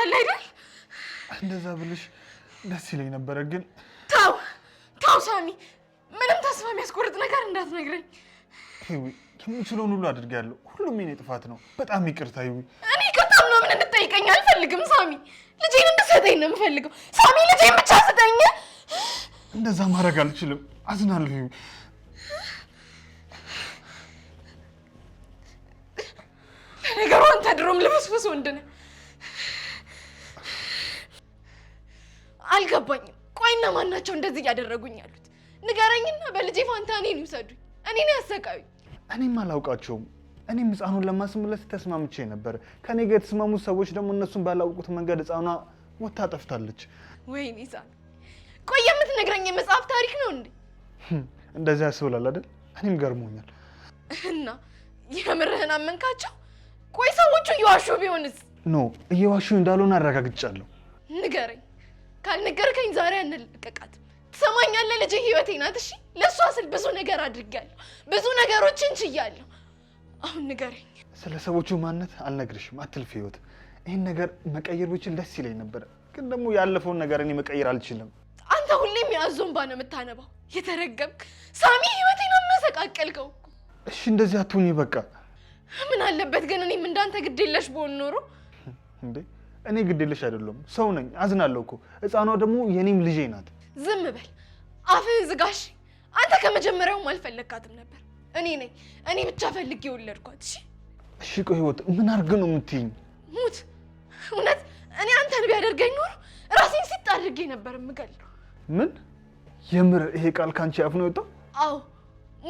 ታውቃታለህ አይደል? እንደዛ ብልሽ ደስ ይለኝ ነበረ፣ ግን ታው ታው ሳሚ፣ ምንም ተስፋ የሚያስቆርጥ ነገር እንዳትነግረኝ። ይዊ የምችለውን ሁሉ አድርጌያለሁ። ሁሉም ጥፋት ነው። በጣም ይቅርታ እኔ ይቅርታ ምናምን እንድጠይቀኝ አልፈልግም ሳሚ። ልጄን እንድሰጠኝ ነው የምፈልገው ሳሚ። ልጄን ብቻ ስጠኝ። እንደዛ ማድረግ አልችልም። አዝናለሁ ይዊ። ነገሩ አንተ ድሮም ልብስብስ ወንድ ነህ። አልገባኝም። ቆይ እነማን ናቸው እንደዚህ እያደረጉኝ ያሉት? ንገረኝና በልጄ ፋንታ እኔን ይውሰዱኝ። እኔን ያሰቃዩ። እኔም አላውቃቸውም። እኔም ህፃኑን ለማስመለስ ተስማምቼ ነበር። ከኔ ጋር የተስማሙት ሰዎች ደግሞ እነሱን ባላውቁት መንገድ ህፃኗ ወታ ጠፍታለች። ወይኔ ህፃን! ቆይ የምትነግረኝ የመጽሐፍ ታሪክ ነው እንዴ? እንደዚህ ያስብላል አይደል? እኔም ገርሞኛል። እና የምርህን አመንካቸው? ቆይ ሰዎቹ እየዋሹ ቢሆንስ? ኖ እየዋሹ እንዳልሆነ አረጋግጫለሁ። ንገረኝ ካልነገርከኝ ዛሬ አንለቀቃትም። ትሰማኛለህ? ልጅ ህይወቴ ናት። እሺ፣ ለእሷ ስል ብዙ ነገር አድርጌያለሁ፣ ብዙ ነገሮችን ችያለሁ። አሁን ንገረኝ። ስለ ሰዎቹ ማንነት አልነግርሽም። አትልፊ ህይወት። ይህን ነገር መቀየር ብችል ደስ ይለኝ ነበር፣ ግን ደግሞ ያለፈውን ነገር እኔ መቀየር አልችልም። አንተ ሁሌም የአዞ እንባ ነው የምታነባው። የተረገምክ ሳሚ፣ ህይወቴን አመሰቃቀልከው። እሺ፣ እንደዚህ አትሁኝ። በቃ ምን አለበት ግን እኔም እንዳንተ ግድ የለሽ በሆን ኖሮ እንዴ እኔ ግድልሽ አይደለም ሰው ነኝ፣ አዝናለሁ እኮ ህፃኗ ደግሞ የኔም ልጄ ናት። ዝም በል አፍህ ዝጋሽ። አንተ ከመጀመሪያውም አልፈለግካትም ነበር። እኔ ነኝ እኔ ብቻ ፈልጌ የወለድኳት። እሺ እሺ፣ ቆይ ህይወት ምን አድርግ ነው የምትይኝ? ሙት እውነት እኔ አንተን ቢያደርገኝ ኖሮ ራሴን ሲጥ አድርጌ ነበር የምገለው። ምን የምር ይሄ ቃል ካንቺ አፍ ነው የወጣው? አዎ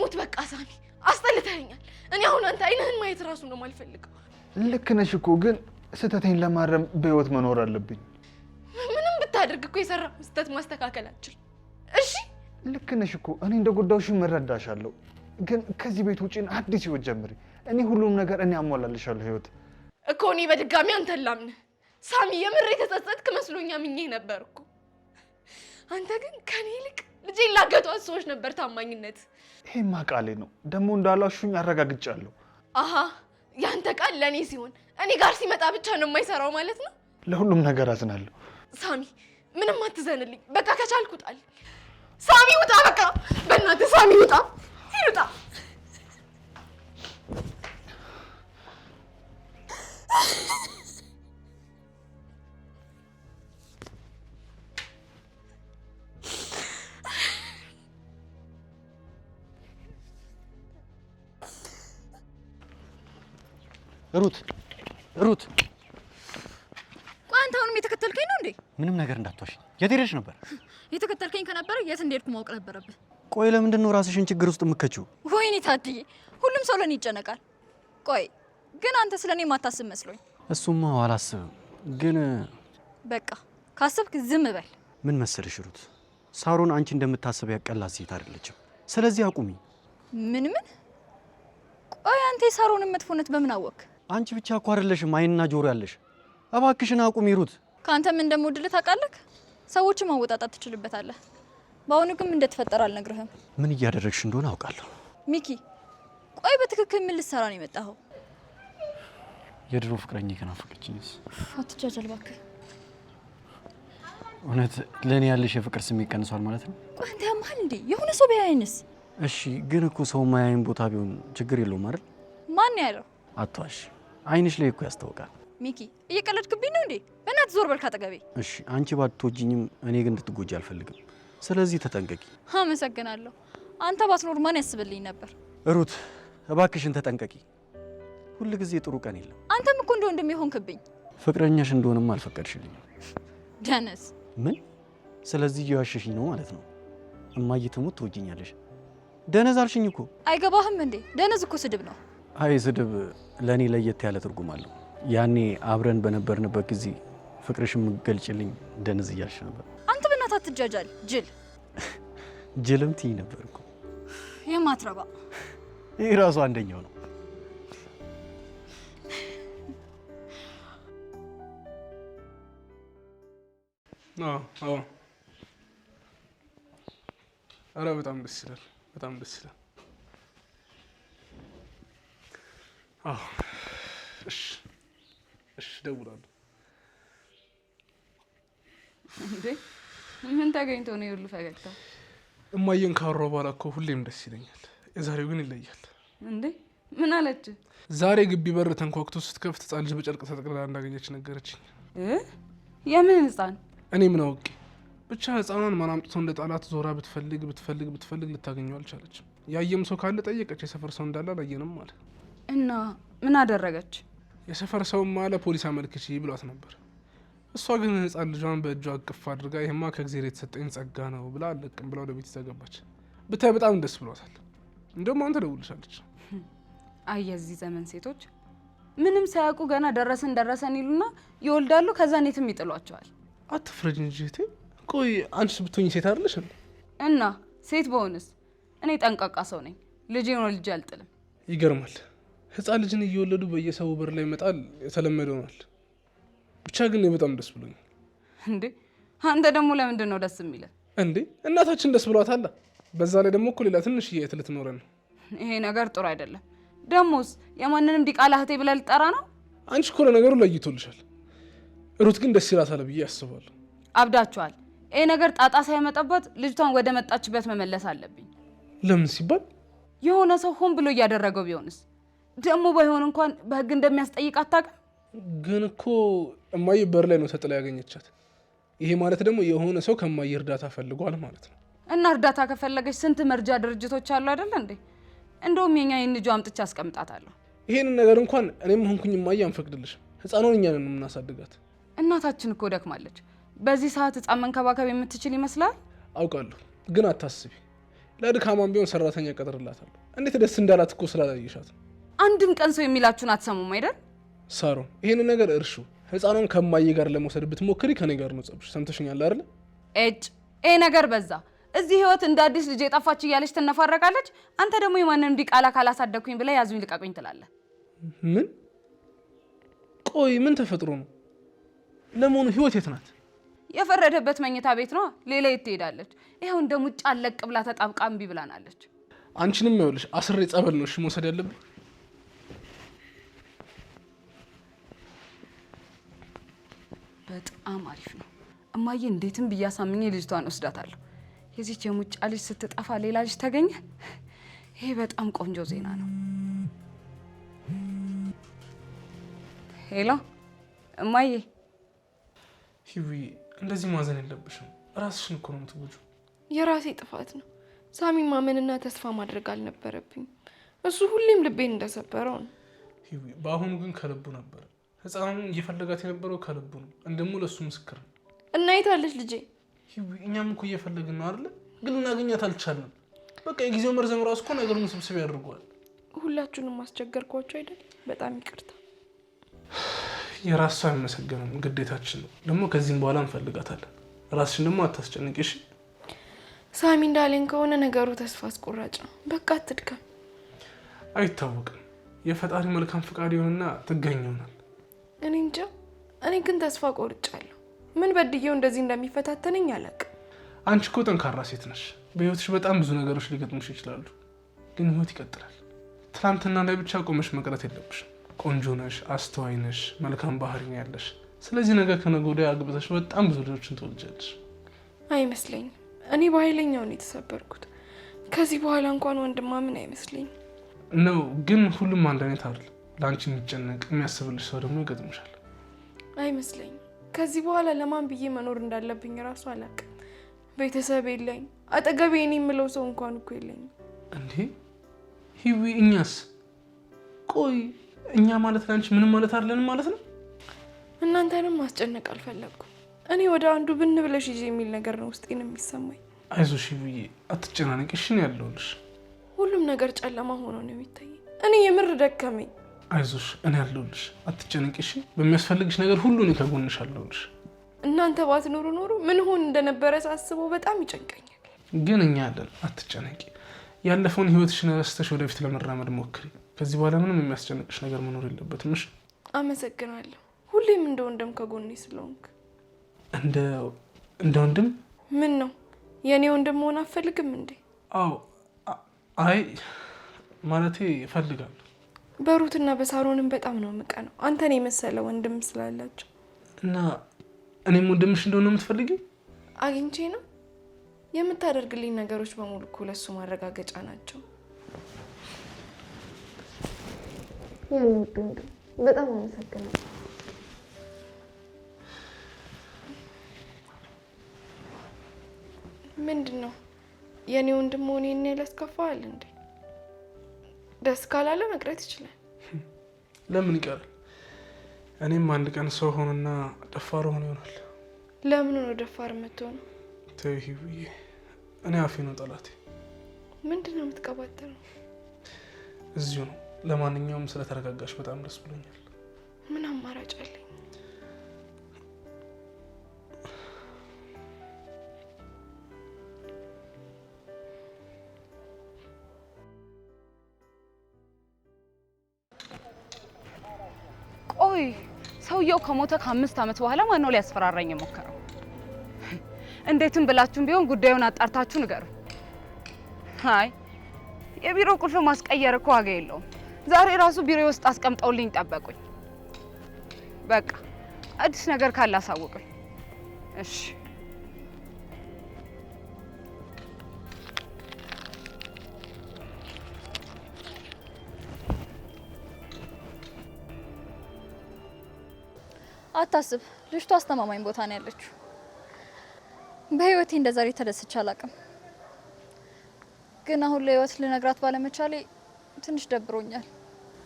ሙት በቃ ሳሚ፣ አስጠልተኸኛል። እኔ አሁን አንተ አይንህን ማየት ራሱ ነው የማልፈልገው። ልክ ነሽ እኮ ግን ስህተቴን ለማረም በህይወት መኖር አለብኝ። ምንም ብታደርግ እኮ የሰራው ስህተት ማስተካከል አችል። እሺ ልክ ነሽ እኮ እኔ እንደ ጉዳዩሽን መረዳሻለሁ። ግን ከዚህ ቤት ውጭን አዲስ ህይወት ጀምሪ። እኔ ሁሉም ነገር እኔ አሟላልሻለሁ። ህይወት እኮ እኔ በድጋሚ አንተ ላምን ሳሚ፣ የምር የተጸጸትክ መስሎኛ ምኜ ነበር እኮ። አንተ ግን ከኔ ይልቅ ልጄን ላገጧት ሰዎች ነበር ታማኝነት። ይሄማ ቃሌ ነው ደግሞ እንዳላሹኝ አረጋግጫለሁ። አሀ ያንተ ቃል ለእኔ ሲሆን እኔ ጋር ሲመጣ ብቻ ነው የማይሰራው ማለት ነው። ለሁሉም ነገር አዝናለሁ። ሳሚ ምንም አትዘንልኝ። በቃ ከቻልኩ ጣል። ሳሚ ውጣ፣ በቃ በእናት ሳሚ ውጣ፣ ይውጣ። ሩት ሩት አንተ አሁንም የተከተልከኝ ነው እንዴ? ምንም ነገር እንዳትዋሽ። የት ሄደሽ ነበር? የተከተልከኝ ከነበረ የት እንደሄድኩ ማወቅ ነበረብህ። ቆይ፣ ለምንድን ነው ራስሽን ችግር ውስጥ የምከችው? ወይኔ ታድዬ፣ ሁሉም ሰው ለኔ ይጨነቃል። ቆይ ግን አንተ ስለኔ ማታስብ መስሎኝ። እሱማ አላስብም፣ ግን በቃ ካሰብክ ዝም በል። ምን መሰለሽ ሩት፣ ሳሮን አንቺ እንደምታስብ ያቀላት ሴት አይደለችም። ስለዚህ አቁሚ። ምን ምን? ቆይ አንተ የሳሮንን መጥፎነት በምን አወቅ አንቺ ብቻ እኮ አይደለሽም አይንና ጆሮ ያለሽ። እባክሽን አቁም ይሩት። ከአንተም እንደምወድልህ ታውቃለህ። ሰዎች ማወጣጣት ትችልበታለህ። በአሁኑ ግን እንደተፈጠረ አልነግርህም። ምን እያደረግሽ እንደሆነ አውቃለሁ። ሚኪ፣ ቆይ በትክክል ምን ልትሰራ ነው የመጣኸው? የድሮ ፍቅረኛ ከናፈቀችኝስ። አትጃጃል እባክህ። እውነት ለእኔ ያለሽ የፍቅር ስም ይቀንሷል ማለት ነው? ቆይ ያማል እንዴ? የሆነ ሰው ቢያይንስ? እሺ፣ ግን እኮ ሰው ማያይን ቦታ ቢሆን ችግር የለውም አይደል? ማን ያለው? አትዋሽ አይንሽ ላይ እኮ ያስታውቃል። ሚኪ እየቀለድክብኝ ነው እንዴ? በእናት ዞር በልካ አጠገቤ እሺ አንቺ ባትወጂኝም እኔ ግን እንድትጎጂ አልፈልግም። ስለዚህ ተጠንቀቂ። አመሰግናለሁ። አንተ ባትኖር ማን ያስብልኝ ነበር? ሩት እባክሽን ተጠንቀቂ። ሁል ጊዜ ጥሩ ቀን የለም። አንተም እኮ እንደ ወንድሜ ሆንክብኝ። ፍቅረኛሽ እንደሆንም አልፈቀድሽልኝም። ደነስ ምን? ስለዚህ እየዋሸሽኝ ነው ማለት ነው። እማዬ ትሙት ትወጂኛለሽ። ደነዝ አልሽኝ እኮ። አይገባህም እንዴ? ደነዝ እኮ ስድብ ነው። አይ ስድብ ለእኔ ለየት ያለ ትርጉም አለው። ያኔ አብረን በነበርንበት ጊዜ ፍቅርሽ የምገልጭልኝ ደንዝ እያልሽ ነበር። አንተ በእናትህ አትጃጃል ጅል። ጅልም ትይ ነበር እኮ የማትረባ። ይህ ራሱ አንደኛው ነው። አዎ፣ ኧረ በጣም ደስ ይላል፣ በጣም ደስ ይላል። እሺ፣ እሺ፣ እደውላለሁ። እንዴ ምን ተገኝቶ ነው የሁሉ ፈገግታ? እማየን ካሮ በኋላ እኮ ሁሌም ደስ ይለኛል። የዛሬው ግን ይለያል። እንዴ ምን አለች? ዛሬ ግቢ በር ተንኳክቶ ስትከፍት ህፃን ልጅ በጨርቅ ተጠቅልላ እንዳገኘች ነገረችኝ። የምን ህፃን? እኔ ምን አውቄ ብቻ ህፃኗን ማን አምጥቶ እንደ ጣላት ዞራ ብትፈልግ ብትፈልግ ብትፈልግ ልታገኘው አልቻለችም። ያየም ሰው ካለ ጠየቀች። የሰፈር ሰው እንዳለ አላየንም አለ እና ምን አደረገች? የሰፈር ሰውማ ለፖሊስ አመልክቺ ብሏት ነበር። እሷ ግን ህፃን ልጇን በእጇ አቅፍ አድርጋ ይህማ ከእግዜር የተሰጠኝ ጸጋ ነው ብላ አለቅም ብላ ወደ ቤት ይዘገባች። ብታይ በጣም ደስ ብሏታል። እንደውም አሁን ትደውልሻለች። አየ የዚህ ዘመን ሴቶች ምንም ሳያውቁ ገና ደረሰን ደረሰን ይሉና ይወልዳሉ። ከዛ ኔትም ይጥሏቸዋል። አትፍረጅ እንጂ እህቴ። ቆይ አንቺስ ብትሆኝ ሴት አይደለሽ እና ሴት በሆንስ? እኔ ጠንቃቃ ሰው ነኝ። ልጄን ወልጄ አልጥልም። ይገርማል። ህፃን ልጅን እየወለዱ በየሰው በር ላይ መጣል የተለመደ ሆኗል። ብቻ ግን በጣም ደስ ብሎኛል። እንዴ አንተ ደግሞ ለምንድን ነው ደስ የሚለ? እንዴ እናታችን ደስ ብሏት አለ? በዛ ላይ ደግሞ እኮ ሌላ ትንሽ የት ልትኖረ ነው። ይሄ ነገር ጥሩ አይደለም። ደሞስ የማንንም ዲቃላ እህቴ ብለህ ልጠራ ነው? አንቺ እኮ ለነገሩ ለይቶልሻል። ሩት ግን ደስ ይላታል ብዬ አስባለሁ። አብዳችኋል። ይሄ ነገር ጣጣ ሳይመጣባት ልጅቷን ወደ መጣችበት መመለስ አለብኝ። ለምን ሲባል የሆነ ሰው ሆን ብሎ እያደረገው ቢሆንስ ደግሞ ባይሆን እንኳን በህግ እንደሚያስጠይቅ አታውቅም። ግን እኮ እማዬ በር ላይ ነው ተጥላ ያገኘቻት። ይሄ ማለት ደግሞ የሆነ ሰው ከማዬ እርዳታ ፈልጓል ማለት ነው። እና እርዳታ ከፈለገች ስንት መርጃ ድርጅቶች አሉ አይደል እንዴ? እንደውም የኛ የንጁ አምጥቼ አስቀምጣታለሁ። ይሄን ነገር እንኳን እኔም ሆንኩኝ እማዬ አንፈቅድልሽም። ህፃኗን እኛ ነን የምናሳድጋት። እናታችን እኮ ደክማለች። በዚህ ሰዓት ህፃን መንከባከብ የምትችል ይመስላል? አውቃለሁ፣ ግን አታስቢ። ለድካማም ቢሆን ሰራተኛ ቀጥርላታለሁ። እንዴት ደስ እንዳላት እኮ ስላላየሻት ነው አንድም ቀን ሰው የሚላችሁን አትሰሙም አይደል? ሳሮ ይሄን ነገር እርሹ። ህፃኗን ከማዬ ጋር ለመውሰድ ብትሞክሪ ከኔ ጋር ነው ጸብሽ። ሰምተሽኛል አይደል? እጭ ይሄ ነገር በዛ። እዚህ ህይወት እንደ አዲስ ልጅ የጠፋች እያለች ትነፋረቃለች። አንተ ደግሞ የማንም ዲቃላ ካላሳደግኩኝ ብላ ያዙኝ ልቀቁኝ ትላለህ። ምን? ቆይ ምን ተፈጥሮ ነው? ለመሆኑ ህይወት የት ናት? የፈረደበት መኝታ ቤት ነው። ሌላ የት ትሄዳለች? ይኸው እንደ ሙጫ አለቅ ብላ ተጣብቃ እምቢ ብላናለች። አንቺንም ይኸውልሽ አስሬ ጸበል ነው እሺ መውሰድ ያለብኝ በጣም አሪፍ ነው። እማዬ እንዴትም ብዬ አሳምኜ ልጅቷን ወስዳታለሁ። የዚች የሙጫ ልጅ ስትጠፋ ሌላ ልጅ ተገኘ። ይሄ በጣም ቆንጆ ዜና ነው። ሄሎ እማዬ። ሂዊ እንደዚህ ማዘን የለብሽም። ራስሽን እኮ ነው የምትጎጁ። የራሴ ጥፋት ነው። ሳሚ ማመንና ተስፋ ማድረግ አልነበረብኝም። እሱ ሁሌም ልቤን እንደሰበረው ነው። ሂዊ በአሁኑ ግን ከልቡ ነበር። ህፃኑን እየፈለጋት የነበረው ከልቡ ነው። እንደሞ ለሱ ምስክር ነው። እናይታለች ልጄ። እኛም እኮ እየፈለግን ነው አይደለ? ግን እናገኛት አልቻለም። በቃ የጊዜው መርዘም ራሱ እኮ ነገሩን ስብስብ ያደርገዋል። ሁላችሁንም አስቸገርኳቸው አይደል? በጣም ይቅርታ። የራሷ አይመሰገንም፣ ግዴታችን ነው። ደግሞ ከዚህም በኋላ እንፈልጋታለን። ራስሽን ደግሞ አታስጨንቅሽ። ሳሚ እንዳለኝ ከሆነ ነገሩ ተስፋ አስቆራጭ ነው። በቃ አትድከም። አይታወቅም። የፈጣሪ መልካም ፈቃድ ይሆንና ትገኝ ይሆናል። እኔ እንጃ። እኔ ግን ተስፋ ቆርጫለሁ። ምን በድየው እንደዚህ እንደሚፈታተነኝ አለቅ አንቺ እኮ ጠንካራ ሴት ነሽ። በህይወትሽ በጣም ብዙ ነገሮች ሊገጥሙሽ ይችላሉ፣ ግን ህይወት ይቀጥላል። ትናንትና ላይ ብቻ ቆመሽ መቅረት የለብሽም። ቆንጆ ነሽ፣ አስተዋይ ነሽ፣ መልካም ባህሪ ነው ያለሽ። ስለዚህ ነገ ከነገ ወዲያ አግብተሽ በጣም ብዙ ልጆችን ትወልጃለሽ። አይመስለኝም። እኔ በኃይለኛው ነው የተሰበርኩት። ከዚህ በኋላ እንኳን ወንድማ ምን አይመስለኝም ነው። ግን ሁሉም አንድ አይነት አይደለም። ለአንቺ የሚጨነቅ የሚያስብልሽ ሰው ደግሞ ይገጥምሻል። አይመስለኝም። ከዚህ በኋላ ለማን ብዬ መኖር እንዳለብኝ እራሱ አላውቅም። ቤተሰብ የለኝ፣ አጠገቤ እኔ የምለው ሰው እንኳን እኮ የለኝም። እንዴ ሂዊ፣ እኛስ? ቆይ እኛ ማለት ለአንቺ ምንም ማለት አለን ማለት ነው? እናንተንም ማስጨነቅ አልፈለግኩም። እኔ ወደ አንዱ ብን ብለሽ ይዤ የሚል ነገር ነው ውስጤ ነው የሚሰማኝ። አይዞሽ ሂዊዬ፣ አትጨናነቅሽን ያለውልሽ። ሁሉም ነገር ጨለማ ሆኖ ነው የሚታየኝ። እኔ የምር ደከመኝ። አይዞሽ፣ እኔ ያለሁልሽ፣ አትጨነቂሽ። በሚያስፈልግሽ ነገር ሁሉ እኔ ከጎንሽ አለሁልሽ። እናንተ ባትኖሩ ኖሮ ምን ሆን እንደነበረ ሳስበው በጣም ይጨንቀኛል። ግን እኛ ያለን፣ አትጨነቂ። ያለፈውን ህይወትሽን ረስተሽ ወደፊት ለመራመድ ሞክሪ። ከዚህ በኋላ ምንም የሚያስጨንቅሽ ነገር መኖር የለበትም። እሺ? አመሰግናለሁ፣ ሁሌም እንደ ወንድም ከጎኔ ስለሆንክ። እንደ እንደ ወንድም ምን ነው የእኔ ወንድም መሆን አፈልግም እንዴ? አዎ። አይ ማለቴ እፈልጋለሁ በሩትና በሳሮንም በጣም ነው ምቀ ነው አንተን የመሰለ ወንድም ስላላቸው እና እኔም ወንድምሽ እንደሆነ የምትፈልጊ? አግኝቼ ነው። የምታደርግልኝ ነገሮች በሙሉ እኮ ለሱ ማረጋገጫ ናቸው። በጣም አመሰግናለሁ። ምንድን ነው የእኔ ወንድም መሆኔን ያላስከፋዋል እንዴ? ደስ ካላለ መቅረት ይችላል። ለምን ይቀራል? እኔም አንድ ቀን ሰው ሆኑና ደፋር ሆኖ ይሆናል። ለምን ነው ደፋር የምትሆነው? ተይ ብዬ እኔ አፌ ነው ጠላቴ። ምንድን ነው የምትቀባጠረው? እዚሁ ነው። ለማንኛውም ስለተረጋጋሽ በጣም ደስ ብሎኛል። ምን አማራጭ አለኝ? ቆይ ሰውየው ከሞተ ከአምስት ዓመት በኋላ ነው ሊያስፈራራኝ የሞከረው? እንዴትም ብላችሁም ቢሆን ጉዳዩን አጣርታችሁ ንገሩ። አይ የቢሮ ቁልፍ ማስቀየር እኮ ዋጋ የለውም። ዛሬ ራሱ ቢሮ ውስጥ አስቀምጠውልኝ ጠበቁኝ። በቃ አዲስ ነገር ካለ እሺ አታስብ፣ ልጅቷ አስተማማኝ ቦታ ነው ያለችው። በህይወቴ እንደዛሬ ዛሬ ተደስቼ አላቅም። ግን አሁን ለህይወት ልነግራት ባለመቻሌ ትንሽ ደብሮኛል።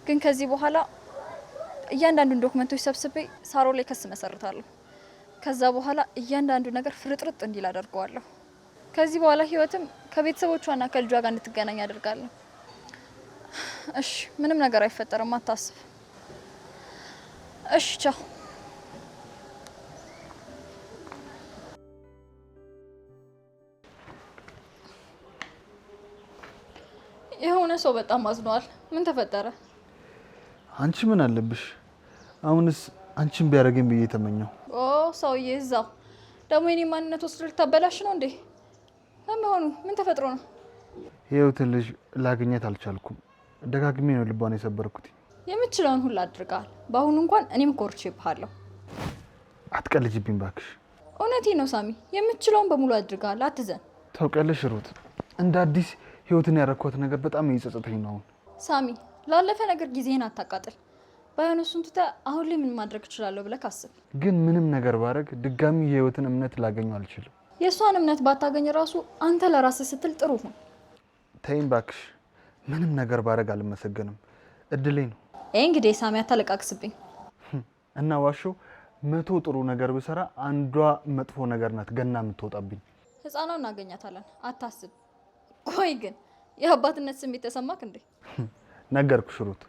ግን ከዚህ በኋላ እያንዳንዱን ዶክመንቶች ሰብስቤ ሳሮ ላይ ክስ መሰርታለሁ። ከዛ በኋላ እያንዳንዱ ነገር ፍርጥርጥ እንዲል አደርገዋለሁ። ከዚህ በኋላ ህይወትም ከቤተሰቦቿና ከልጇ ጋር እንድትገናኝ አደርጋለሁ። እሺ፣ ምንም ነገር አይፈጠርም፣ አታስብ። እሺ፣ ቻው። የሆነ ሰው በጣም አዝኗል። ምን ተፈጠረ? አንቺ ምን አለብሽ? አሁንስ አንቺን ቢያደርገኝ ብዬ የተመኘው ኦ ሰውዬ፣ እዛው ደግሞ የኔ ማንነት ውስጥ ልታበላሽ ነው እንዴ? ለመሆኑ ምን ተፈጥሮ ነው? ህይወትን ልጅ ላገኘት አልቻልኩም። ደጋግሜ ነው ልቧን የሰበርኩት። የምችለውን ሁሉ አድርገሃል። በአሁኑ እንኳን እኔም ኮርቼ ይብሃለሁ። አትቀልጅብኝ ባክሽ። እውነቴ ነው ሳሚ፣ የምችለውን በሙሉ አድርገሃል። አትዘን። ታውቂያለሽ ሩት፣ እንደ አዲስ ህይወትን ያረኳት ነገር በጣም እየጸጸተኝ ነው። ሳሚ፣ ላለፈ ነገር ጊዜህን አታቃጥል። ባይሆን እሱን ትተህ አሁን ላይ ምን ማድረግ እችላለሁ ብለህ ካስብ። ግን ምንም ነገር ባረግ ድጋሚ የህይወትን እምነት ላገኙ አልችልም። የእሷን እምነት ባታገኝ ራሱ አንተ ለራስህ ስትል ጥሩ ሁን። ተይኝ እባክሽ፣ ምንም ነገር ባረግ አልመሰገንም። እድሌ ነው። ይህ እንግዲህ ሳሚ፣ አታለቃቅስብኝ እና ዋሾ መቶ ጥሩ ነገር ብሰራ አንዷ መጥፎ ነገር ናት ገና የምትወጣብኝ። ህፃኗ እናገኛታለን፣ አታስብ። ቆይ ግን የአባትነት ስሜት ተሰማክ እንዴ? ነገርኩሽ ሩት፣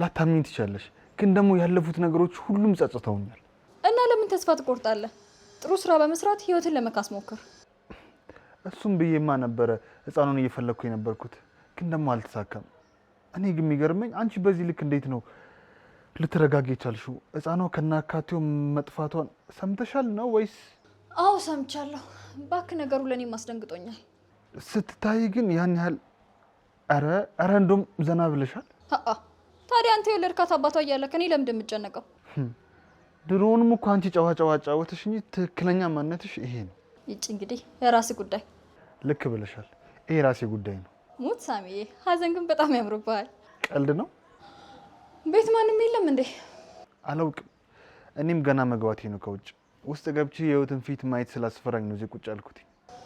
ላታምኝ ትችያለሽ፣ ግን ደግሞ ያለፉት ነገሮች ሁሉም ጸጽተውኛል። እና ለምን ተስፋ ትቆርጣለህ? ጥሩ ስራ በመስራት ህይወትን ለመካስ ሞክር። እሱም ብዬማ ነበረ ህፃኑን እየፈለግኩ የነበርኩት ግን ደግሞ አልተሳካም። እኔ ግን የሚገርመኝ አንቺ በዚህ ልክ እንዴት ነው ልትረጋጊ የቻልሽው? ህፃኗ ከናካቴው መጥፋቷን ሰምተሻል ነው ወይስ? አዎ ሰምቻለሁ። ባክ ነገሩ ለእኔም አስደንግጦኛል። ስትታይ ግን ያን ያህል ኧረ ኧረ እንደውም ዘና ብለሻል። ታዲያ አንተ የወለድካት አባቷ እያለ ከኔ ለምንድን የምጨነቀው? ድሮውንም እኮ አንቺ ጨዋ ጨዋ ጫወትሽ እንጂ ትክክለኛ ማንነትሽ ይሄ ነው። ይቺ እንግዲህ የራሴ ጉዳይ። ልክ ብለሻል። ይሄ የራሴ ጉዳይ ነው። ሙት ሳሚዬ፣ ሀዘን ግን በጣም ያምርብሃል። ቀልድ ነው። ቤት ማንም የለም እንዴ? አላውቅም። እኔም ገና መግባቴ ነው ከውጭ ውስጥ ገብቼ የህይወትን ፊት ማየት ስላስፈራኝ ነው እዚህ ቁጭ አልኩት።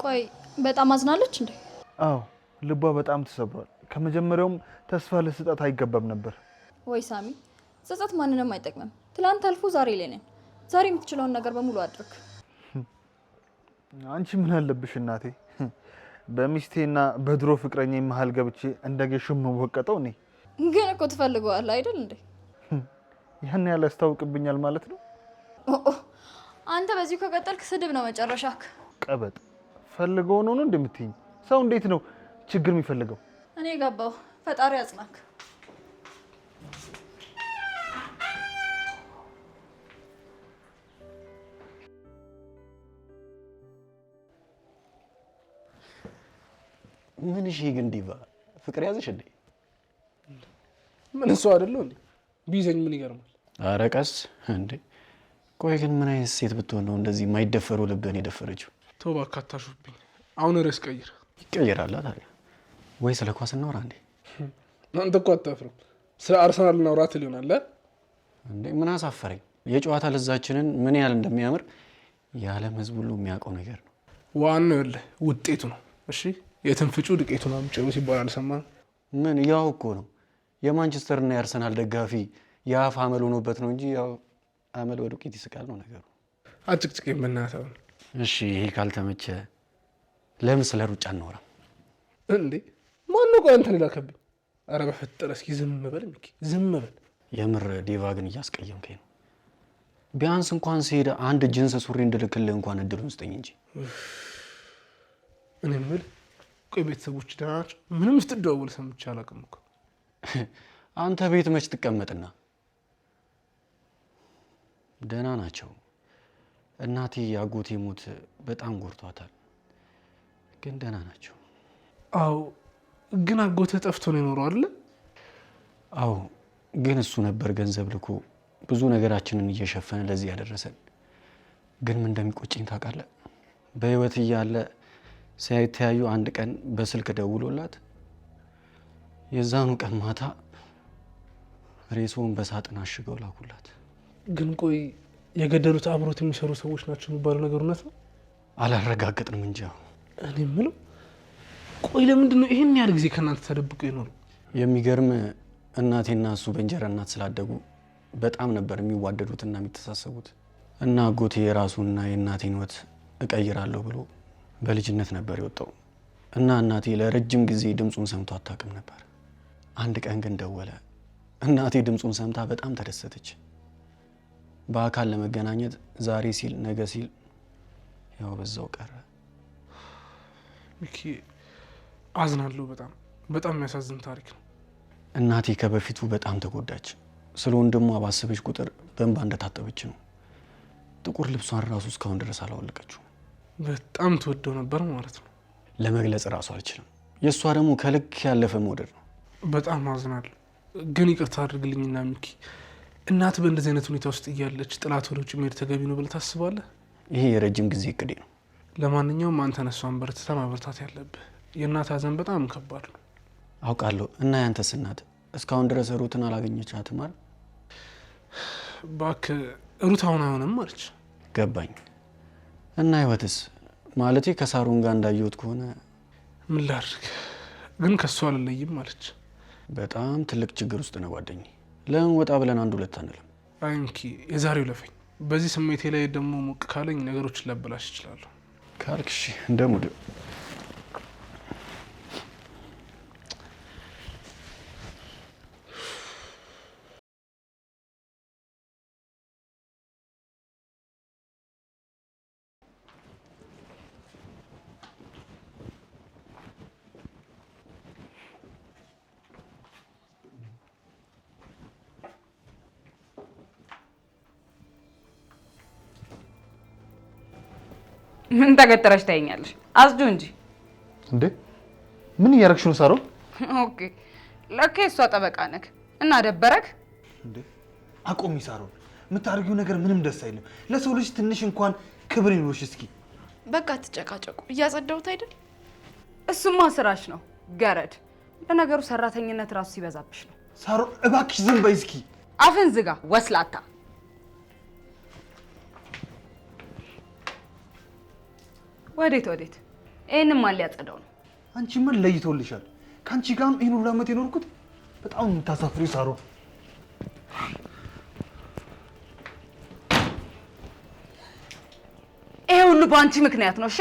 ቆይ በጣም አዝናለች እንዴ? አዎ ልቧ በጣም ተሰብሯል። ከመጀመሪያውም ተስፋ ለስጠት አይገባም ነበር። ወይ ሳሚ፣ ጸጸት ማንንም አይጠቅምም። ትላንት አልፎ ዛሬ ላይ ነን። ዛሬ የምትችለውን ነገር በሙሉ አድርግ። አንቺ ምን አለብሽ እናቴ፣ በሚስቴና በድሮ ፍቅረኛ መሀል ገብቼ እንደ ጌሾ መወቀጠው። እኔ ግን እኮ ትፈልገዋል አይደል እንዴ? ያን ያለ ያስታውቅብኛል ማለት ነው። አንተ በዚሁ ከቀጠልክ ስድብ ነው መጨረሻክ። ቀበጥ ፈልገው ነው ነው እንደምትይኝ? ሰው እንዴት ነው ችግር የሚፈልገው? እኔ ገባው። ፈጣሪ ያጽናክ። ምን እሺ፣ ግን ዲቫ ፍቅር ያዘሽ እንዴ? ምን እሱ አይደለሁ እንዴ? ቢይዘኝ ምን ይገርማል? አረ ቀስ እንዴ። ቆይ ግን ምን አይነት ሴት ብትሆን ነው እንደዚህ የማይደፈሩ ልብህን የደፈረችው? ተው እባክህ አታሹፍብኝ። አሁን ርዕስ ቀይር። ይቀይራል ታዲያ ወይ? ስለ ኳስ እናውራ እንዴ? አንተ እኮ አታፍርም። ስለ አርሰናል እናውራ ትል ይሆናል እንዴ? ምን አሳፈረኝ? የጨዋታ ለዛችንን ምን ያህል እንደሚያምር የዓለም ሕዝብ ሁሉ የሚያውቀው ነገር ነው። ዋናው ይኸውልህ ውጤቱ ነው። እሺ የትንፍጩ ዱቄቱን አምጪው ሲባል አልሰማህም? ምን ያው እኮ ነው የማንቸስተርና የአርሰናል ደጋፊ የአፍ አመል ሆኖበት ነው እንጂ ያው አመል በዱቄት ይስቃል ነው ነገሩ። አጭቅጭቅ የምናተው እሺ ይሄ ካልተመቸ ለምን ስለ ሩጫ እናወራም እንዴ? ማን ነው አንተን የላከብኝ? ኧረ በፍጥር እስኪ ዝም በል ሚኪ፣ ዝም በል። የምር ዴቫ ግን እያስቀየምከኝ ነው። ቢያንስ እንኳን ሲሄድ አንድ ጅንስ ሱሪ እንድልክልህ እንኳን እድሉን ስጠኝ እንጂ። እኔ የምልህ ቆይ ቤተሰቦች ደህና ናቸው? ምንም ስትደዋወል ሰምቼ አላውቅም እኮ። አንተ ቤት መች ትቀመጥና። ደህና ናቸው እናቴ አጎቴ ሞት በጣም ጎርቷታል፣ ግን ደህና ናቸው። አዎ፣ ግን አጎተ ጠፍቶ ነው የኖረው አለ። አዎ፣ ግን እሱ ነበር ገንዘብ ልኮ ብዙ ነገራችንን እየሸፈነ ለዚህ ያደረሰን። ግን ምን እንደሚቆጭኝ ታውቃለህ? በህይወት እያለ ሳይተያዩ አንድ ቀን በስልክ ደውሎላት የዛኑ ቀን ማታ ሬሶውን በሳጥን አሽገው ላኩላት። ግን ቆይ የገደሉት አብሮት የሚሰሩ ሰዎች ናቸው የሚባለው ነገር እውነት ነው? አላረጋገጥንም እንጂ እኔ የምለው ቆይ፣ ለምንድን ነው ይህን ያህል ጊዜ ከእናንተ ተደብቀው ይኖሩ? የሚገርም እናቴና እሱ በእንጀራ እናት ስላደጉ በጣም ነበር የሚዋደዱትና የሚተሳሰቡት። እና አጎቴ የራሱና የእናቴን ሕይወት እቀይራለሁ ብሎ በልጅነት ነበር የወጣው እና እናቴ ለረጅም ጊዜ ድምፁን ሰምቶ አታውቅም ነበር። አንድ ቀን ግን ደወለ። እናቴ ድምፁን ሰምታ በጣም ተደሰተች። በአካል ለመገናኘት ዛሬ ሲል ነገ ሲል ያው በዛው ቀረ። ሚኪ አዝናለሁ። በጣም በጣም የሚያሳዝን ታሪክ ነው። እናቴ ከበፊቱ በጣም ተጎዳች። ስለ ወንድሟ ባሰበች ቁጥር በእንባ እንደታጠበች ነው። ጥቁር ልብሷን ራሱ እስካሁን ድረስ አላወለቀችው። በጣም ትወደው ነበር ማለት ነው። ለመግለጽ ራሱ አልችልም። የእሷ ደግሞ ከልክ ያለፈ መውደድ ነው። በጣም አዝናለሁ። ግን ይቅርታ አድርግልኝና ሚኪ እናት በእንደዚህ አይነት ሁኔታ ውስጥ እያለች ጥላት ወደ ውጭ መሄድ ተገቢ ነው ብለህ ታስባለህ? ይሄ የረጅም ጊዜ እቅዴ ነው። ለማንኛውም አንተን እሷን በርትተ ማበርታት ያለብህ። የእናት ሐዘን በጣም ከባድ ነው አውቃለሁ። እና ያንተስ እናት እስካሁን ድረስ ሩትን አላገኘቻትም አይደል? እባክህ ሩት አሁን አይሆንም አለች። ገባኝ። እና ህይወትስ ማለቴ ከሳሩን ጋር እንዳየሁት ከሆነ ምን ላድርግ ግን ከሷ አልለይም አለች። በጣም ትልቅ ችግር ውስጥ ነው ጓደኛዬ ለምን ወጣ ብለን አንድ ሁለት አንልም? አንኪ የዛሬው ለፈኝ። በዚህ ስሜቴ ላይ ደግሞ ሞቅ ካለኝ ነገሮችን ላበላሽ እችላለሁ። ካልክሽ እንደ ሙድ ምን ተገጠረሽ ታይኛለሽ? አጽጁ እንጂ እንዴ! ምን እያረግሽ ነው ሳሮን? ኦኬ፣ ለካ እሷ ጠበቃ ነክ እና ደበረክ እንዴ! አቆሚ ሳሮን፣ የምታደርጊው ነገር ምንም ደስ አይልም። ለሰው ልጅ ትንሽ እንኳን ክብር ይኖርሽ። እስኪ በቃ ትጨቃጨቁ። እያጸደውት አይደል? እሱማ ስራሽ ነው ገረድ። ለነገሩ ሰራተኝነት ራሱ ሲበዛብሽ ነው። ሳሮን እባክሽ ዝም በይ እስኪ። አፍን ዝጋ ወስላታ ወዴት ወዴት? ይሄንን ማን ሊያጸዳው ነው? አንቺ ምን ለይቶልሻል? ከአንቺ ጋርም ይሄን ሁሉ ዓመት የኖርኩት በጣም የምታሳፍሪ ሳሮ። ይሄ ሁሉ በአንቺ ምክንያት ነው። እሺ